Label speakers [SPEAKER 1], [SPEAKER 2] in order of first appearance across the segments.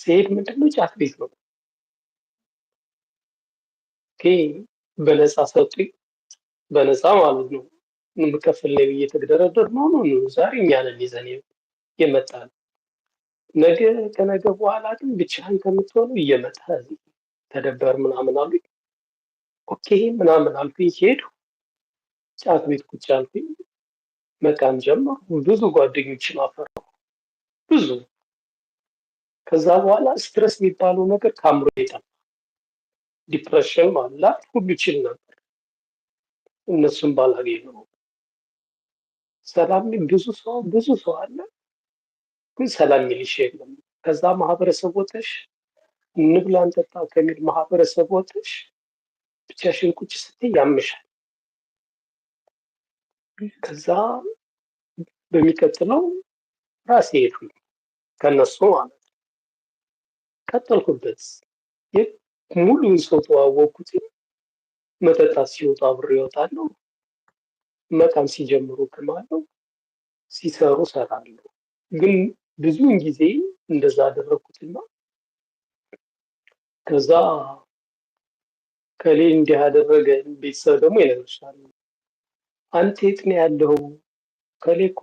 [SPEAKER 1] ሲሄድ ምንድነው ጫት ቤት ነው። ኦኬ በነፃ ሰጡኝ፣ በነፃ ማለት ነው የምከፍል ላይ ብዬ ተግደረደር ነው ነው ዛሬ እኛንን ይዘን የመጣ ነገ ከነገ በኋላ ግን ብቻህን ከምትሆኑ እየመጣ ተደበር ምናምን አሉ። ኦኬ ምናምን አልኩኝ፣ ሄዱ ጫት ቤት ቁጭ አልኩኝ፣ መቃም ጀመሩ። ብዙ ጓደኞችን አፈራሁ ብዙ ከዛ በኋላ ስትረስ የሚባለው ነገር ከአእምሮ የጠፋ ዲፕሬሽን ማላት ሁሉ ይችል ነበር። እነሱም ባላገኝ ነው ሰላም ብዙ ሰው ብዙ ሰው አለ፣ ግን ሰላም የሚልሽ የለም። ከዛ ማህበረሰብ ወጥሽ እንብላ እንጠጣ ከሚል ማህበረሰብ ወጥሽ ብቻሽን ቁጭ ስትይ ያምሻል። ከዛ በሚቀጥለው ራሴ ሄድኩኝ ከነሱ ማለት ቀጠልኩበት። ሙሉን ሰው ተዋወቅኩት። መጠጣት ሲወጡ አብሬ እወጣለሁ። መቃም ሲጀምሩ እቅማለሁ፣ ሲሰሩ እሰራለሁ። ግን ብዙውን ጊዜ እንደዛ አደረግኩትና ከዛ ከሌ እንዲህ ያደረገ ቤተሰብ ደግሞ ይነግርሻል። አንተ የት ነው ያለው? ከሌ እኮ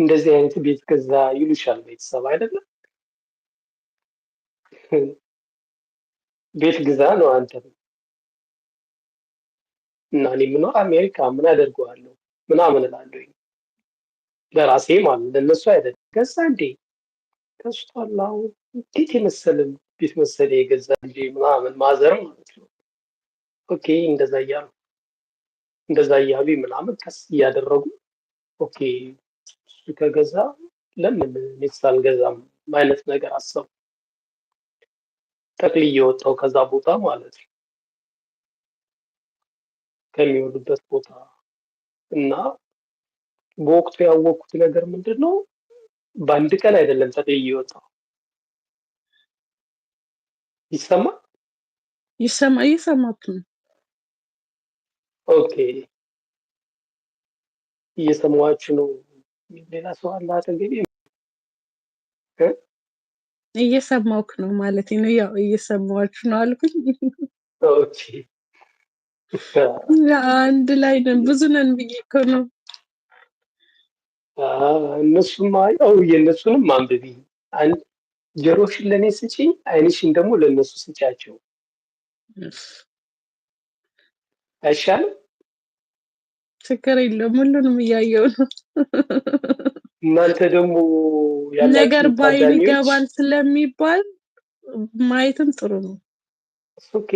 [SPEAKER 1] እንደዚህ አይነት ቤት ገዛ ይሉሻል ቤተሰብ አይደለም ቤት ግዛ ነው አንተ እና እኔ የምኖር አሜሪካ ምን አደርገዋለሁ ምናምን እላለሁ። ለራሴ ማለት ለነሱ አይደለም። ገዛ እንዴ ገዝቷል። እንዴት የመሰለ ቤት መሰለ የገዛ እንዴ ምናምን ማዘር ማለት ነው። ኦኬ እንደዛ እያሉ እንደዛ እያሉ ምናምን ከስ እያደረጉ ኦኬ እሱ ከገዛ ለምን እኔ ሳልገዛም አይነት ነገር አሰቡ። ተክልዬ የወጣው ከዛ ቦታ ማለት ነው ከሚወዱበት ቦታ እና በወቅቱ ያወቅኩት ነገር ምንድን ነው? በአንድ ቀን አይደለም ተክልዬ የወጣው። ይሰማ
[SPEAKER 2] ይሰማ እየሰማክ ነው?
[SPEAKER 1] ኦኬ እየሰማችሁ ነው? ሌላ ሰው አለ አጠገቤ
[SPEAKER 2] እየሰማውክ ነው ማለት ነው። ያው እየሰማዋችሁ ነው አልኩኝ። አንድ ላይ ነን ብዙ ነን ብዬ እኮ ነው።
[SPEAKER 1] እነሱማ ያው የእነሱንም አንብቢ። ጆሮሽን ለእኔ ስጪ፣ አይንሽን ደግሞ ለእነሱ ስጫቸው። አይሻልም?
[SPEAKER 2] ችግር የለውም። ሁሉንም እያየው ነው
[SPEAKER 1] እናንተ ደግሞ
[SPEAKER 2] ነገር ባይን ይገባል ስለሚባል ማየትም ጥሩ ነው።
[SPEAKER 1] ኦኬ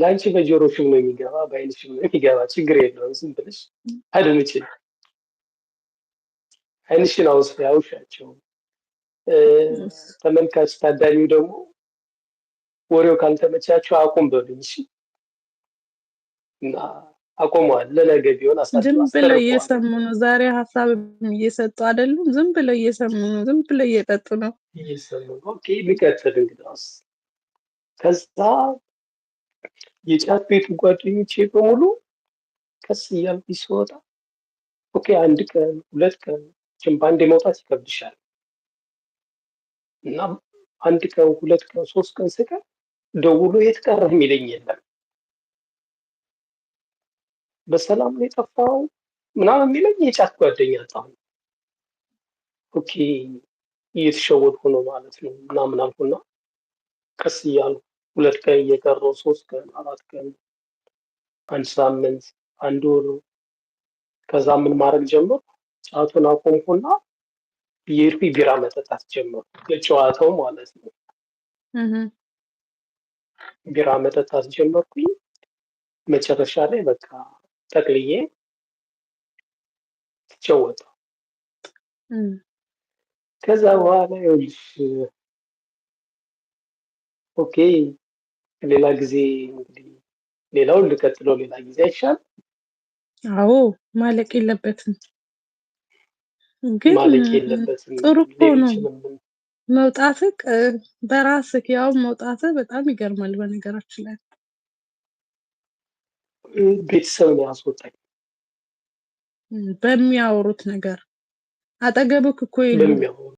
[SPEAKER 1] ለአንቺ በጆሮሽም ነው የሚገባ በአይንሽም ነው የሚገባ፣ ችግር የለውም። ዝም ብለሽ አድምጪ። አይንሽን አውስ ያውሻቸው። ተመልካች ታዳሚው ደግሞ ወሬው ካልተመቻቸው አቁም በሉኝ እና አቆመዋል። ለነገ ቢሆን ዝም
[SPEAKER 2] ብለው እየሰሙ ነው። ዛሬ ሀሳብ እየሰጡ አይደሉም። ዝም ብለው እየሰሙ ነው። ዝም ብለው እየጠጡ ነው።
[SPEAKER 1] እየሰሙ ኦኬ ቢቀጥል እንግዲያውስ ከዛ የጫት ቤቱ ጓደኞቼ በሙሉ ቀስ እያልኩ ሲወጣ ኦኬ አንድ ቀን ሁለት ቀን ችን በአንዴ መውጣት ይከብድሻል እና አንድ ቀን ሁለት ቀን ሶስት ቀን ስቀን ደውሎ የት ቀረህ የሚለኝ የለም በሰላም ነው የጠፋው ምናምን የሚለኝ የጫት ጓደኛ ጣም ኦኬ እየተሸወድኩ ሆኖ ማለት ነው ምናምን አልኩና ቀስ እያሉ ሁለት ቀን እየቀረው ሶስት ቀን አራት ቀን አንድ ሳምንት አንድ ወር ከዛ ምን ማድረግ ጀምሩ ጫቱን አቆምኩና የሄድኩ ቢራ መጠጣት ጀመሩ ለጨዋታው ማለት ነው ቢራ መጠጣት ጀመርኩኝ መጨረሻ ላይ በቃ ጠቅልዬ ትቼው ወጣሁ። ከዛ በኋላ ይኸውልሽ ኦኬ ሌላ ጊዜ እንግዲህ ሌላውን ልቀጥለው ሌላ ጊዜ አይሻልም?
[SPEAKER 2] አዎ ማለቅ የለበትም ግን ጥሩ እኮ ነው መውጣትህ በራስህ ያው መውጣትህ በጣም ይገርማል በነገራችን ላይ
[SPEAKER 1] ቤተሰብ ነው ያስወጣኝ።
[SPEAKER 2] በሚያወሩት ነገር አጠገብክ እኮ